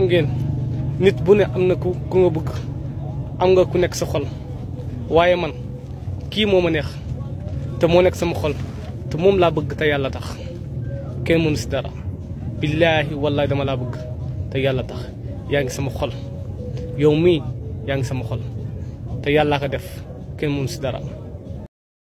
xam ngeen nit bu ne am na ku ku nga bëgg am nga ku nekk sa xol waaye man kii moo ma neex te moo nekk sama xol te moom laa bëgg te yàlla tax kenn mënu si dara billaahi wallaahi dama laa bëgg te yàlla tax yaa ngi sama xol yow mii yaa ngi sama xol te yàllaa ko def kenn mënu si dara